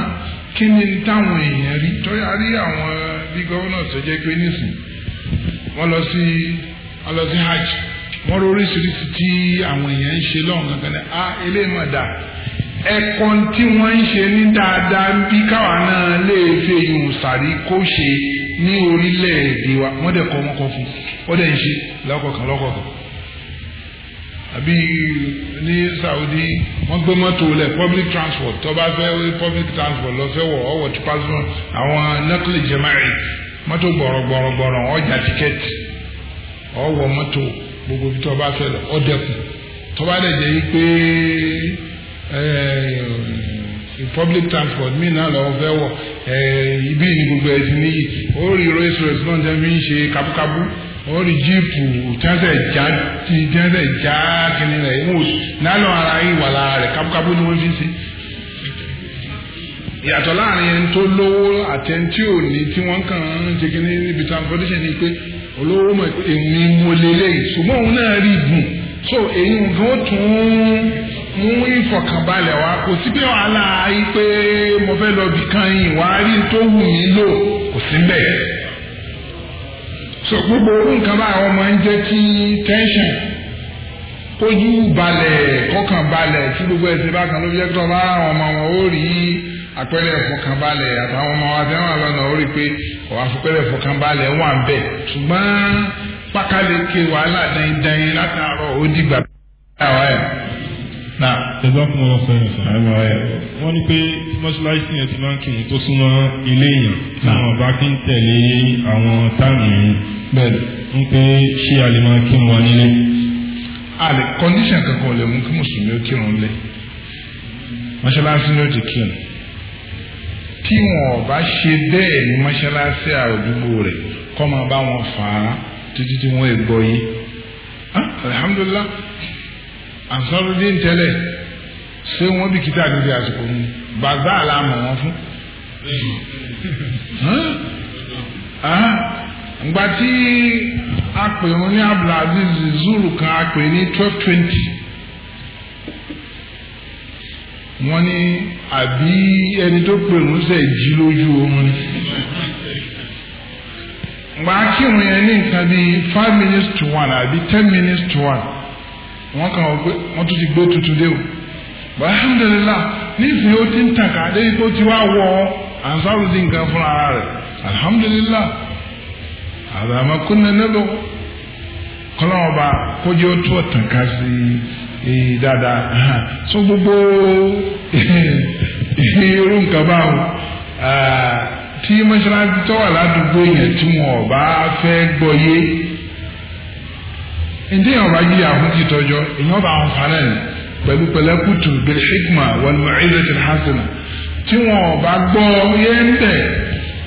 Speaker 1: kí ni táwọn èèyàn rí tọ́yà rí àwọn bí gọ́vọ́nà tó jẹ́ pé nísìn wọ́n lọ sí wọ́n lọ sí hajj wọ́n rí oríṣiríṣi tí àwọn èèyàn ń ṣe lọ́wọ́n kankan ní a ah, eléyìí máa dà ẹ̀kọ́ tí wọ́n ń ṣe ní dáadáa bí káwa náà lè fi èyí sàrí kó ṣe ní orílẹ̀-èdè wa wọ́n dẹ̀ kọ́ wọn kọ́ fún un ó dẹ̀ ń ṣe lọ́kọ̀ọ̀kan lọ́kọ̀ọ̀kan àbí ní Saudi wọ́n gbé mọ́tò lẹ̀ public transport tó bá fẹ́ public transport lọ fẹ́ wọ̀ ọ̀wọ̀ tí pásítọ̀ àwọn nọ́kìlì jẹ́mẹ́rì mọ́tò gbọ̀rọ̀gbọ̀rọ̀gbọ̀rọ̀ ọjà tíkẹ́ẹ̀tì ọ̀wọ̀ mọ́tò gbogbo bí tó bá fẹ́ lọ ó dẹkùn tó bá dẹ̀ jẹ́ yí pé public transport mí náà lọ́wọ́ fẹ́ wọ̀ ibi ní gbogbo ẹ̀sìn níyì ó rí race race náà jẹ́ mi ń ṣe kábúkábú. ó rí jíìpù tíwọ́nsẹ̀ já kínní rẹ̀ ìwọ̀n oṣù nálọ ara ịwala wà lára rẹ̀ kábúkábú ni fi ìyàtọ̀ láàrin ẹni tó lówó àtẹ̀ntì òní tí wọ́n kàn ń ṣe níbi transportation ni pé olówó so èyí nǹkan ó tún mú ìfọ̀kànbalẹ̀ wá kò sí pé wàhálà yìí pé so gbogbo orú nǹkan báyìí wọ́n máa ń jẹ́ kí tẹ́ńṣàn kójú balẹ̀ kọ́kàn balẹ̀ tí gbogbo ẹsẹ̀ bá kan ló jẹ́ tó bá àwọn ọmọ wọn ó rí àpẹẹrẹ ìfọkànbalẹ̀ àtàwọn ọmọ wa tí wọ́n lọ́nà ó rí pé ọ̀wá àpẹẹrẹ ìfọkànbalẹ̀ wà ń bẹ̀ ṣùgbọ́n pákáleke wàhálà dandan látàárọ̀ ó dìgbà
Speaker 2: ṣẹ̀dá fún ọlọ́ sẹ́yìn sọ. wọ́n ní pé mọ́ṣáláṣí yẹn ti máa ń kírun tó súnmọ́ ilé èèyàn tí wọ́n bá kí ń tẹ̀lé àwọn táàmù yìí bẹ́ẹ̀ ń pé ṣé a lè máa kírun wa nílé.
Speaker 1: àlè kọ́ndíṣàn kankan lè mú kí mùsùlùmí ó kírun lé mọ́ṣáláṣí ni ó ti kírun tí wọn ò bá ṣe bẹ́ẹ̀ ní mọ́ṣáláṣí àdúgbò rẹ̀ kọ́ máa bá wọn fà á títí tí wọ́n ì gbọ́ yìí. Ah, alhamdulilah ansarudin tẹ́lẹ̀ ṣé wọ́n bí kìtà lórí àsìkò mu bàbá àlámọ̀ wọn fún. ǹgbà tí a pè wọn ní abdulaziz zulu kan a pè ní twelve twenty wọ́n ní àbí ẹni tó pè wọn sẹ̀ jí lójú oorun ni ǹgbà kírun yẹn ní nǹkan bíi five minutes to one àbí ten minutes to one wọ́n kàn wọ́n tún ti gbé tuntun dé o alhamdulilah nísìnyí ó ti ń tàn ká débi tó ti wá wọ ansarudin kan fún ara rẹ̀ alhamdulilah àdàmà kúnlẹ̀ nílò kọ́lọ́ọ̀ba kójú ó tó tàn ká sí i dáadáa so gbogbo irú nǹkan báwo tí mọ́ṣáláṣí tó wà ládùúgbò yẹn tí wọn bá fẹ́ gbọ́ yé ǹdí yẹn ọba yíyà fún títọ́jọ́ èyàn bá wọn fa náà pẹ̀lú pẹ̀lẹ́kùtù bil hikma wal ma'izati hasana tí wọn bá gbọ́ yé ń bẹ̀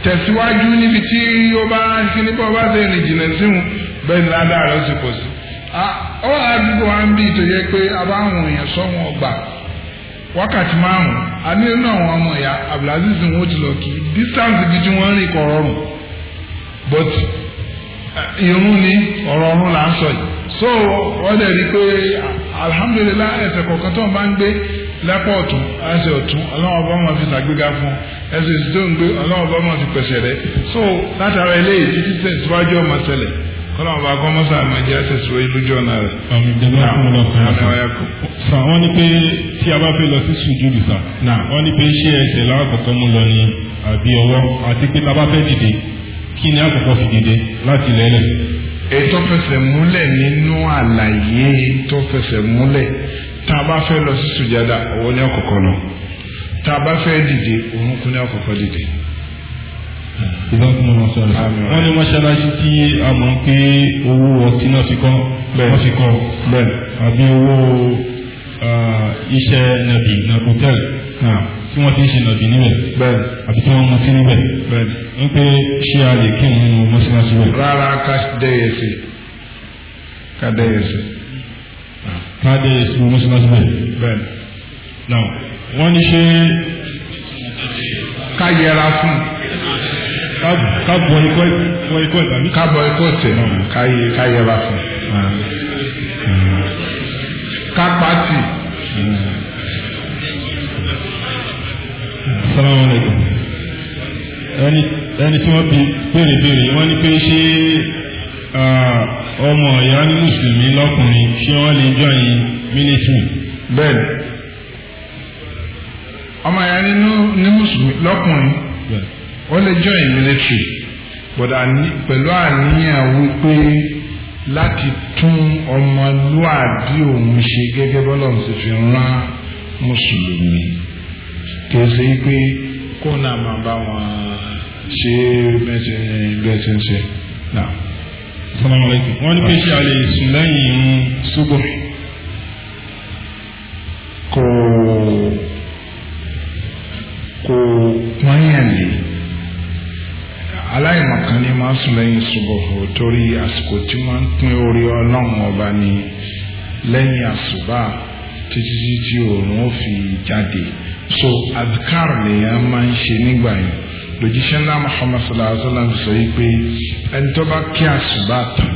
Speaker 1: tẹ̀síwájú níbi tí ó bá ń kí nípa ọba ṣe rìn jìnnà sí wọn bẹ́ẹ̀ ni ládàá sì pọ̀ sí. ó wà á dúró wá ń bí tó yẹ pé abáwọn èèyàn sọ wọn gbà wákàtí márùn a ní inú àwọn ọmọ ni wọ́n ti lọ kí distance so wọ́n lè rí i pé alhamdulillah ẹsẹ̀ kọ̀ọ̀kan tó ń bá ń gbé lápá ọ̀tún ẹsẹ̀ ọ̀tún ọlọ́run ọba máa fi ṣàgbéga fún ẹsẹ̀ tó ń gbé ọlọ́run ọba máa fi pẹ̀sẹ̀ rẹ̀ so látara eléyìí títí tẹ̀síwájú ọmọ ṣẹlẹ̀ kọ́lọ́run ọba kọ́ mọ́sá àmọ́ jẹ́ ẹsẹ̀ sọ lójú ọ̀nà rẹ̀. wọ́n ní pé tí a bá fẹ́ lọ sí sùjúdù sà
Speaker 2: wọ́n ní pé ṣé ẹsẹ̀ lákọ̀ọ́kọ́ mú lọ ní àbí ọwọ́ àti pé tá a bá fẹ́ dìde
Speaker 1: kí ni àkọ́kọ́ fi dìde láti lẹ́lẹ̀ ètò fẹsẹ̀ múlẹ̀ nínú àlàyé tó fẹsẹ̀ múlẹ̀ tá a bá fẹ́ lọ sí sùjádà ọwọ́ ní ọ̀kọ̀ọ̀kan lọ tá a bá fẹ́ dìde orúnkún ní ọ̀kọ̀ọ̀kan dìde. ìbákun ọmọ sọ̀rọ̀ wọn
Speaker 2: ní mọ́ṣáláṣí tí a mọ̀ pé owó ọtí náà fi kọ́ wọ́n fi kọ́ àbí owó ah, iṣẹ́ nàbì nàbùtẹ́lì náà tí wọ́n ti ń ṣe nàbì níbẹ̀. bẹ́ẹ̀ àti tí wọ́n mutí níbẹ̀. bẹ́ẹ̀ ń pé ṣé a lè kí nínú mọ́ṣáláṣí rẹ̀.
Speaker 1: rárá ká dẹ́yẹ sí ká dẹ́yẹ sí.
Speaker 2: ká dẹ́yẹ sí mọ́ṣáláṣí rẹ̀. bẹ́ẹ̀ náà wọ́n ní
Speaker 1: ṣe. ká yẹra fún. ká bọ ikọ́ ikọ́ ìtàbí. ká bọ ikọ́ tẹ̀ ká yẹra fún.
Speaker 2: ká pàtì. salamaleykum ẹni ẹni tí wọ́n bi béèrè béèrè wọ́n ní pé ṣé ọmọ ìyá ní mùsùlùmí lọ́kùnrin
Speaker 1: ṣé wọ́n lè join military. bẹ́ẹ̀ni ọmọ ìyá nínú ní mùsùlùmí lọ́kùnrin ó lè join military bọ̀dà pẹ̀lú àníyàn wípé láti tún ọmọlúwàbí òun ṣe gẹ́gẹ́ bọ́lá òun sì fi rán mùsùlùmí. kì í ṣe kó náà máa bá wọn ṣe ṣe náà. Assalamu wọ́n ní pé
Speaker 2: a lè sùn lẹ́yìn
Speaker 1: kò lè aláìmọ̀kan ni máa sùn lẹ́yìn torí àsìkò tí wọ́n so adkar nìyẹn máa ń ṣe nígbà yẹn lójúṣẹ́ ńlá muhammad sallallahu alayhi wa sallam sọ yìí pé ẹni tó bá kí àsùbá tán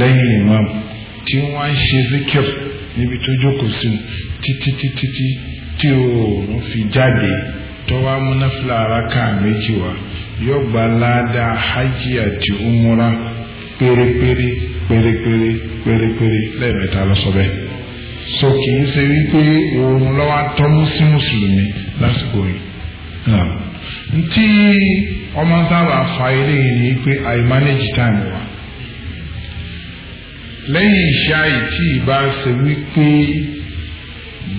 Speaker 1: lẹ́yìn imam tí wọ́n ń ṣe zikir níbi tó jókòó sí títí títí tí oòrùn fi jáde tó wá múnáfìlà araka méjì wá yóò gba ládàá hajj àti umura pérépéré pérépéré pérépéré lẹ́ẹ̀mẹ́ta lọ́sọ̀bẹ́ẹ́ so kì í ṣe wípé oorun lọ́wọ́ tọ́lú sí mùsùlùmí lásìkò yìí. ntí ọmọ sábà fa eléyìí ni pé i manage time wa lẹ́yìn ìṣá ìtì ìbá ṣe wípé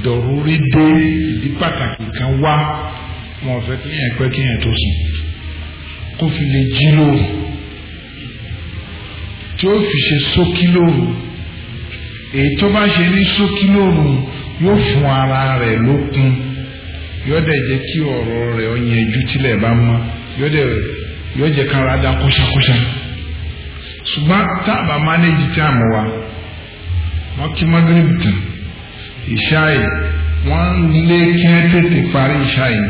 Speaker 1: dọ̀rúrí dé ìdí pàtàkì kan wá wọn ò fẹ́ kí yẹn pẹ́ kí yẹn tó sùn kó fi lè jí lóru tí ó fi ṣe sókí lóru. èyí tó bá ṣe ní ṣókí yóò fún ara rẹ̀ lókun yóò dẹ̀ jẹ́ kí ọ̀rọ̀ rẹ̀ ọ̀yẹ̀jú tilẹ̀ bá mọ́ yóò yóò jẹ́ kára dá kóṣákóṣá ṣùgbọ́n tá a mánéjì tí a mọ̀ wá wọ́n kí magrib tán wọ́n lé kí tètè parí kan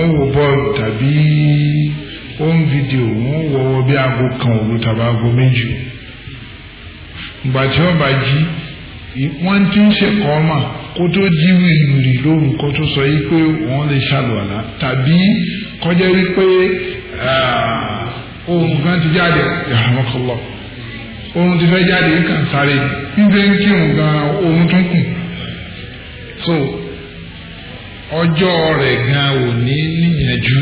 Speaker 1: òru tàbí aago méjì ìgbà tí wọ́n bá jí wọ́n ti ń ṣe kọ́ mà kó tó jí wìrìwìrì lóru kó tó sọ yìí pé wọ́n lè ṣàlùwàlá tàbí kọjá wípé oòrùn kan ti jáde ìhàmọ́kọ́lọ́ oòrùn ti fẹ́ jáde nǹkan sáré níbi ń kírun gan oòrùn tó kù so ọjọ́ rẹ̀ gan ò ní níyànjú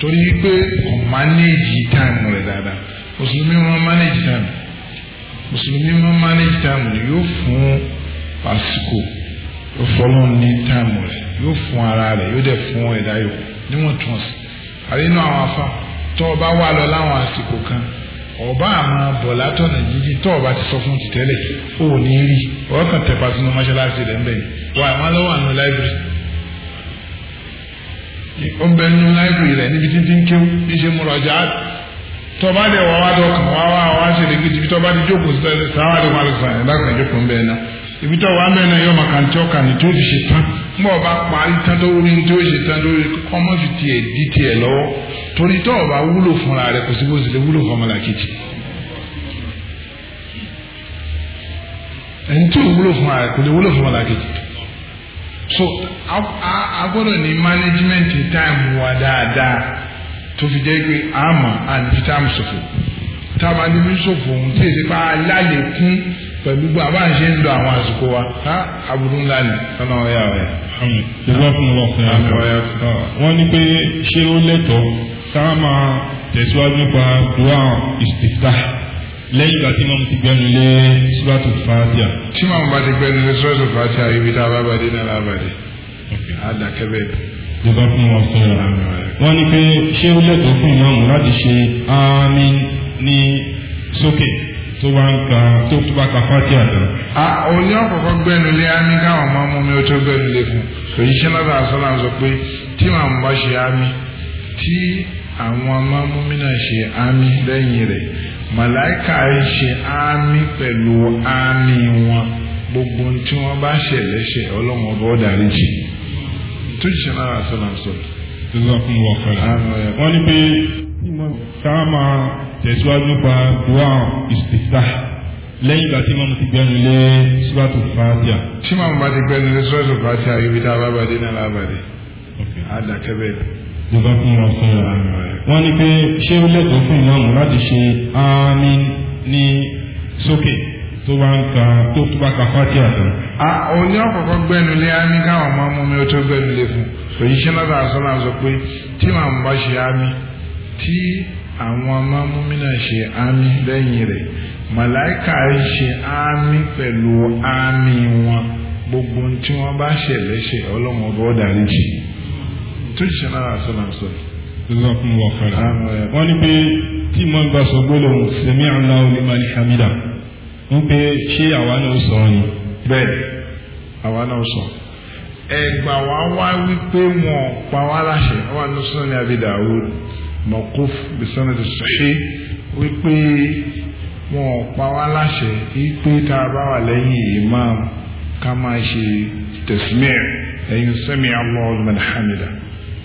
Speaker 1: torí wípé kò mánéèjì táìmù rẹ̀ dáadáa mùsùlùmí wọn mánéèjì táìmù mùsùlùmí máa ń manage time rẹ̀ yóò fún àsìkò yóò fọlọ́n ní time rẹ̀ yóò fún ara rẹ̀ yóò dẹ̀ fún ẹ̀dá yòókù níwọ̀ntúnwọ̀nsì àrínú àwọn afa tó o bá wà lọ láwọn àsìkò kan ọba àwọn bọ̀lá tọ̀nà jíjí tó o bá ti sọ fún tìtẹ́lẹ̀ o ò ní rí ọkàn tẹ̀pa sínú mọ́ṣáláṣí rẹ̀ ń bẹ̀ yìí wà lọ́wọ́ àánú láìbírì ó ń bẹ nínú láìbírì rẹ̀ níbi tí ń ti ń kéwú tọba dẹ wà wá dọkàn wá wá wá ṣe lè gidi ibi tọba di jókòó sẹlẹ sáwà dẹ wà lọ sàn ẹdá kan jókòó ń bẹ náà ibi tọba wà mẹ́rin yọ màkà tí ọkà ní tó fi ṣe tán mbọ bá parí tán tó wúni tó ṣe tán tó rí ọmọ fi tiẹ̀ di tiẹ̀ lọ́wọ́ torí tọba wúlò fúnra rẹ̀ kò sí bó ṣe lè wúlò fún ọmọlàkejì. ẹni tí ò wúlò fún ara kò lè wúlò fún ọmọlàkejì so a gbọ́dọ̀ ní management time wa dáadáa tó fi jẹ́ pé àmọ́ àti táàmù ṣòfò táàmù àdébí ṣòfò ohun tí èsì pa alálè kún pẹ̀lú bá a bá ń ṣe ń lo àwọn àsìkò wa ká aburú ńlá ni ọ̀nà ọ̀yà ọ̀yà. ìgbà fún wọn fún
Speaker 2: yàrá wọn ni pé ṣé ó lẹ́tọ̀ọ́ ká máa tẹ̀síwájú nípa
Speaker 1: dua istiftah lẹ́yìn ìgbà tí mọ́mú ti gbẹnu lé suratu fàtíà. tí màmú bá ti gbẹnu lé suratu fàtíà ibi tá a bá bàdé náà lábàdé. àdàkẹ́ bẹ́ẹ̀.
Speaker 2: ìgbà fún wọn fún wọ́n ní pé ṣé ó lẹ́tọ̀ọ́ fún ìmáàmù láti ṣe àmín ní sókè tó bá ń ka tó bá ka fáti àtọ.
Speaker 1: a òní ọkọ̀ọ̀kọ̀ gbẹ́nu lé àmì káwọn máa mú mi ó tó gbẹ́nu lé fún òyìnṣẹ́ náà àṣọlá sọ pé tí màmú bá ṣe ami tí àwọn máàmú mi náà ṣe àmì lẹ́yìn rẹ̀ màláìka ṣe àmì pẹ̀lú àmì wọn gbogbo tí wọ́n bá ṣẹlẹ̀ ṣe ọlọ́mọbọ́ dáríjì tó ṣiṣẹ́ náà àṣọlá sọ̀rọ̀. Jazakum Allah khairan. Wọ́n ní pé ká máa
Speaker 2: tẹ̀síwájú pa dua istiftah lẹ́yìn ìgbà tí mọ́mú ti gbẹ́nu lé
Speaker 1: Suratu Fatiha. Tí màmú bá ti gbẹ́nu lé Suratu Fatiha ibi tá a bá bàdé náà lábàdé. Á dàkẹ́ bẹ́ẹ̀.
Speaker 2: Jazakum Allah khairan. Wọ́n ní pé ṣé ó lẹ́tọ̀ọ́ fún ìmáàmù láti ṣe àmín ní sókè tó bá ń ka tó bá ka Fatiha tán.
Speaker 1: Ah, òun ní ọ̀kọ̀ọ̀kọ̀ gbẹ́nulé á ní káwọn máa mú mi ó tó gbẹ́nulé fún òyìṣẹ́ náà sọ náà sọ pé tí màá bá ṣe ámì tí àwọn máa mú mi náà ṣe ámì lẹ́yìn rẹ̀ màláìkà ń ṣe ámì pẹ̀lú ámì wọn gbogbo tí wọ́n bá ṣe lẹ́ṣẹ̀ ọlọ́run ọba ọ̀dà jì tó ṣiṣẹ́ náà sọ náà sọ. jazakumullahu khairan wọ́n ní pé
Speaker 2: tí mo ń bá sọ gbólóhùn sami'allahu liman hamida ń pé ṣé àwa náà sọ̀rọ̀ yìí bẹ́ẹ̀ àwa
Speaker 1: náà sọ ẹgbà wa wá wípé wọn pa wá láṣẹ wà ní sunan Abi Dawud mọ̀kúf bisọ́nà ti sọ́ṣẹ́ wípé wọn pa wá láṣẹ wípé tá a bá wà lẹ́yìn imam ká máa ṣe tẹ̀símẹ́ ẹ̀yin sẹ́mi Allahu liman hamida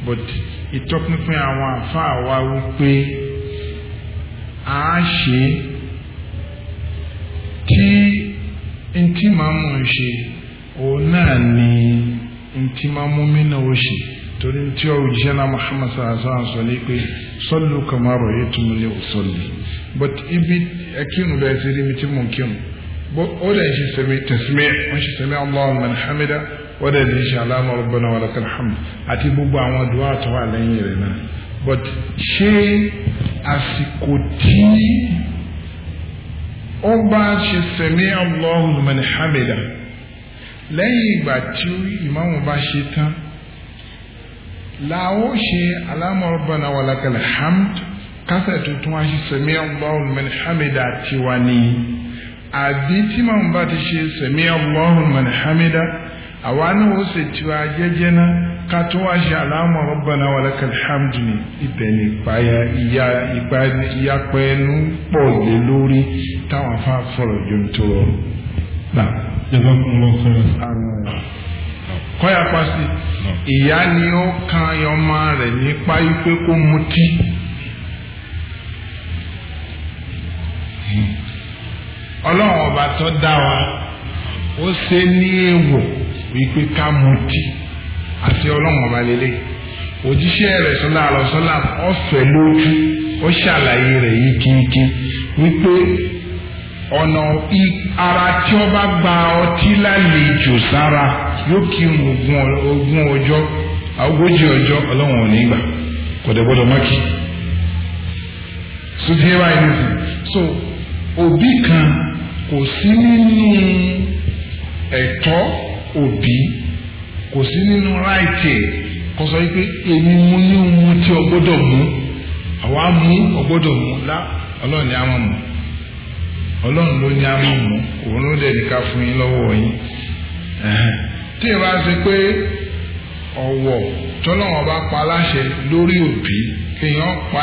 Speaker 1: but ìtọ́pinpin àwọn àfáà wa wípé a ṣe tí ntí máa mú un ṣe òun náà ni ntí máa mú mi náà ó ṣe torí ntí ọ̀ òjíṣẹ́ Muhammad sallallahu sọ ní pé sọ́lù kàmáàrọ̀ yìí tún lè sọ́lù but ibi ẹkínu bẹ́ẹ̀ sí ibi tí mò ń kínu ó dẹ̀ ṣe sẹ́mi tẹ̀símẹ́ wọ́n ṣe Allahu man hamida ó dẹ̀ ṣe ṣe aláma rabbana wa lakal hamd àti gbogbo àwọn dùwà tó wà lẹ́yìn rẹ̀ náà but ṣé asikoti ó bá ṣe sẹ̀mí Allahu liman hamidah lẹ́yìn ìgbà tí ìmáàmù bá ṣe tán làwọn ṣe Allahumma rabbana wa lakal hamd kásẹ̀ tuntun a ṣe sẹ̀mí Allahu liman hamidah tiwa ni àbí tí ìmáàmù bá ti ṣe sẹ̀mí Allahu liman hamidah àwa náà ó sì tiwa jẹ́jẹ́ náà ká tó wá ṣe aláàmú rabbana walakal hamdu ní ibẹ̀ ní ìpayà ìyá ìpa ìyapa ẹnu pọ̀ lé lórí táwọn afá fọ̀rọ̀ jòm tó rọ. kọ́yà pàṣẹ ìyá ni ó kan ọmọ rẹ̀ nípa ipe kó mutí. ọlọ́run ọba tó dá wa ó ṣe ní èèwọ̀ wípé ká mutí àti ọlọ́run ọba lélẹ̀ òjíṣẹ́ rẹ̀ sọ́lá àlọ́sọ́lá ọ̀fẹ́ lójú ó ṣàlàyé rẹ̀ yìí kínkín wípé ọ̀nà ara tí ó bá gba ọtí lálejò sára yóò kírun ogún ọjọ́ ogójì ọjọ́ ọlọ́run ní gbà kò dẹ̀ gbọ́dọ̀ mọ́kì sotí wáyé so òbí kan kò sí nínú ẹ̀tọ́. òbí kò sí nínú ráìtì kó sọ pé èmi mú ní ohun tí o gbọ́dọ̀ mú àwa mú o mú lá ni a máa mú ọlọ́run ló ní a mú òun ló dẹ̀ ní fún yín lọ́wọ́ yín tí ì bá ṣe pé ọ̀wọ̀ tọ́lọ́wọ́n bá pa lórí òbí kéèyàn bá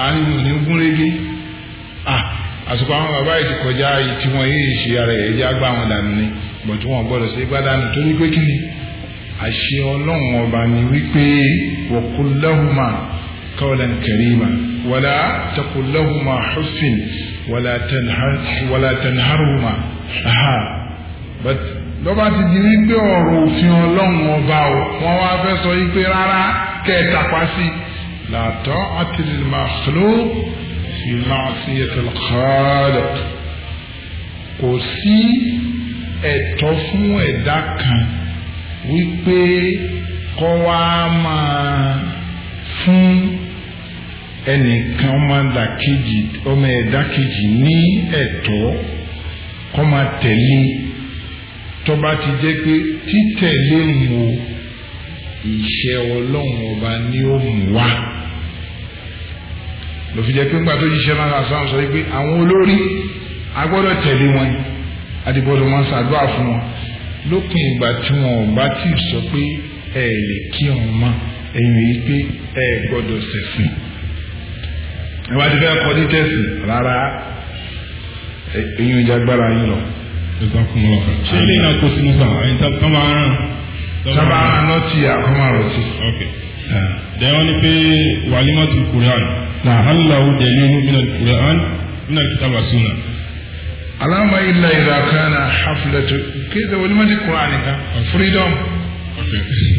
Speaker 1: àárín òní gúnrégé àsìkò àwọn bàbá yìí ti kọjá yìí tí wọ́n yéé ṣe ara ẹ̀ ẹ̀jẹ̀ àgbà wọn dànù ni bọ̀tú wọn gbọ́dọ̀ ṣe bá dànù torí pé kí ni àṣẹ ọlọ́run ọba ni wípé wa qul lahuma qawlan karima wala taqul lahuma huffin wala tanharhuma but lọ́ba ti di wípé ọ̀rọ̀ òfin ọlọ́run ọba o wá fẹ́ sọ wípé rárá kẹ́ ẹ̀ sí i. لا طاعة للمخلوق في معصية الخالق kò sí ẹ̀tọ́ fún ẹ̀dá kan wípé kọ́ wa máa fún ẹnìkan ọmọ ẹ̀dá kejì ọmọ ẹ̀dá kejì ní ẹ̀tọ́ kọ́ máa tẹ̀lé tó ti jẹ́ pé títẹ̀lé wo iṣẹ́ ọlọ́run ọba ni ó mú wá lòfin jẹ́ pé ńgbà tó jíṣẹ́ náà sọ àwọn sọ wípé àwọn olórí a gbọ́dọ̀ tẹ̀lé wọn a ti gbọ́dọ̀ máa ṣàdúrà fún wọn lópin ìgbà tí wọn ò bá tì sọ pé ẹ lè kí wọn mọ ẹ̀yìn yìí pé ẹ gbọ́dọ̀ ṣẹ̀sìn ẹ wá ti fẹ́ kọ́ ní tẹ̀sìn rárá
Speaker 2: ẹ̀yìn ìjàgbára yín lọ. ṣé ilé ìnáko sínú sàn ẹ̀yìn tá a máa rán sábà aná ti àkọ́mọ́ rẹ̀ sí. dẹ́yìn wọ́n ní pé wàlímọ̀ ti Quran na aláwo dẹ̀lú nínú Quran nínú kìtàbà sunna.
Speaker 1: alama illa idha kana haflatu kéde wàlímọ̀ ti Quran nìkan freedom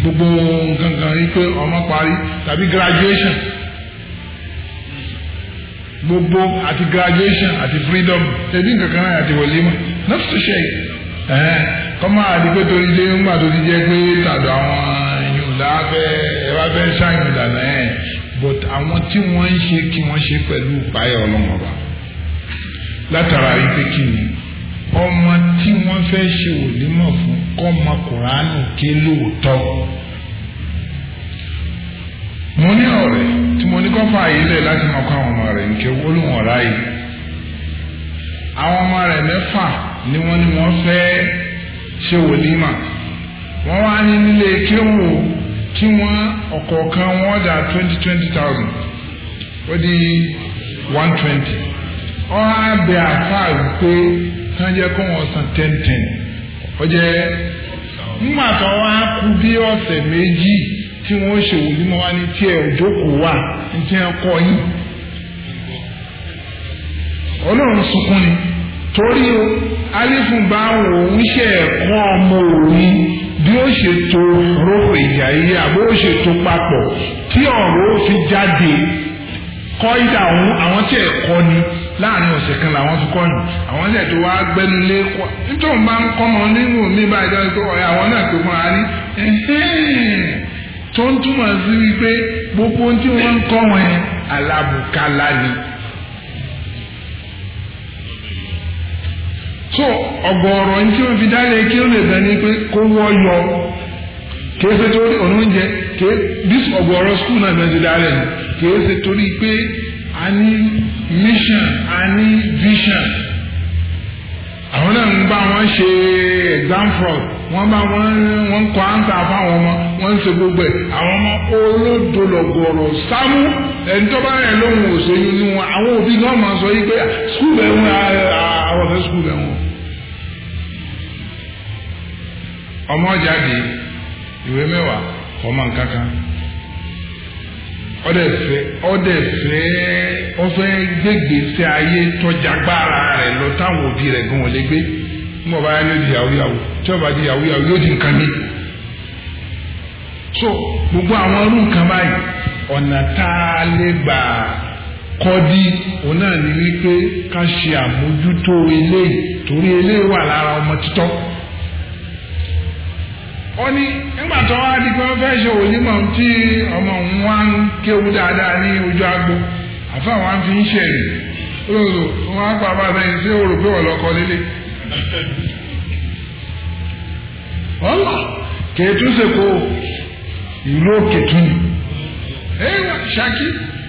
Speaker 1: gbogbo gangan yìí pé ọmọ parí tàbí graduation gbogbo àti graduation àti freedom tẹ̀bí nǹkan kan náà àti wàlímọ̀ náà tó ṣe eh. ẹ̀ kọ́mọ àdìgbò tó ń dé ńgbà tó ti jẹ́ pé tàdọ̀ àwọn èèyàn lábẹ́ ẹ bá fẹ́ ṣáàyàn ìlànà ẹ̀ but àwọn tí wọ́n ń ṣe kí wọ́n ṣe pẹ̀lú ìpáyà ọlọ́wọ́n ọba látara wípé kí ni ọmọ tí wọ́n fẹ́ ṣe ònímọ̀ fún kọ́mọ kùránù ké lóòótọ́ mo ní ọ̀rẹ́ tí mo ní kọ́ fà yí lẹ̀ láti máa kọ́ àwọn ọmọ rẹ̀ nìkẹ́ olóhùn ọ̀rá yìí àwọn ọmọ rẹ̀ mẹ́fà ni wọ́n ní wọ́n fẹ́ẹ́. ṣe wòlímà wọ́n wá ní nílé kéwò kí wọ́n ọ̀kọ̀ọ̀kan wọ́n dà twenty twenty thousand di one twenty ọ́ á bẹ àfáà wípé kán jẹ́ kó wọ́n san ten ten jẹ́ nígbà tó wá kú bí ọ̀sẹ̀ méjì tí wọ́n ṣe wá ní tí òjókòó wà ní kọ́ torí alifu bá òun ṣe ẹ̀kọ́ ọmọ òun bí ó ṣe to rògbò ìjà yìí àbó ó ṣe to papọ̀ tí ọ̀rọ̀ ó fi jáde kọ́ ìdá òun àwọn tí ẹ̀kọ́ ni láàrin ọ̀sẹ̀ kan làwọn fi kọ́ nù àwọn ṣẹ̀ tó wá gbẹ́nu lé kọ́ nítorí bá ń kọ́ mọ nínú mi bá ìjọba pé ọ̀rẹ́ àwọn náà pé fún ari tó ń túmọ̀ sí wípé gbogbo ohun tí wọ́n ń kọ́ wọn alábùkálá ni. so ọ̀gọ̀ọ̀rọ̀ yìí o wọ́n fi dálẹ̀ kí ó lè bẹ̀ ni pé kó wọ́ yọ kìí ṣe torí ọ̀nà oúnjẹ kìí bí ọ̀gọ̀ọ̀rọ̀ skul náà bẹ̀ ti torí pé a ní mission a ní vision àwọn náà ń bá wọn ṣe exam fraud wọn bá ọmọ ń ṣe gbogbo ẹ̀ àwọn ọmọ ẹni tó bá rẹ̀ lóhun òṣèlú nínú wọn àwọn òbí gan máa sọ yìí pé ah, skul ẹ̀hún ah, ah, àwọn ọ̀fẹ́ skul ẹ̀hún. ọmọ jáde ìwé mẹ́wàá ọmọ nǹkan kan ọdẹ fẹ ọdẹ fẹ ọfẹ gbégbé sí ayé tọjàgbára rẹ lọ táwọn òbí rẹ gan wọlé gbé bá yẹn so gbogbo àwọn báyìí ọ̀nà tá a lè gbà kọ́dí òun náà ni wípé ká ṣe àmójútó eléyìí torí eléyìí wà lára ọmọ títọ́. ó ní nígbà tó wá di pé wọ́n fẹ́ ṣe tí ọmọ òun wá ń kéwu dáadáa ní ojú agbo àfáà wọn fi ń ṣe èrè olóòtú wọn á pa bàbá sí Hey, eh, Shaki.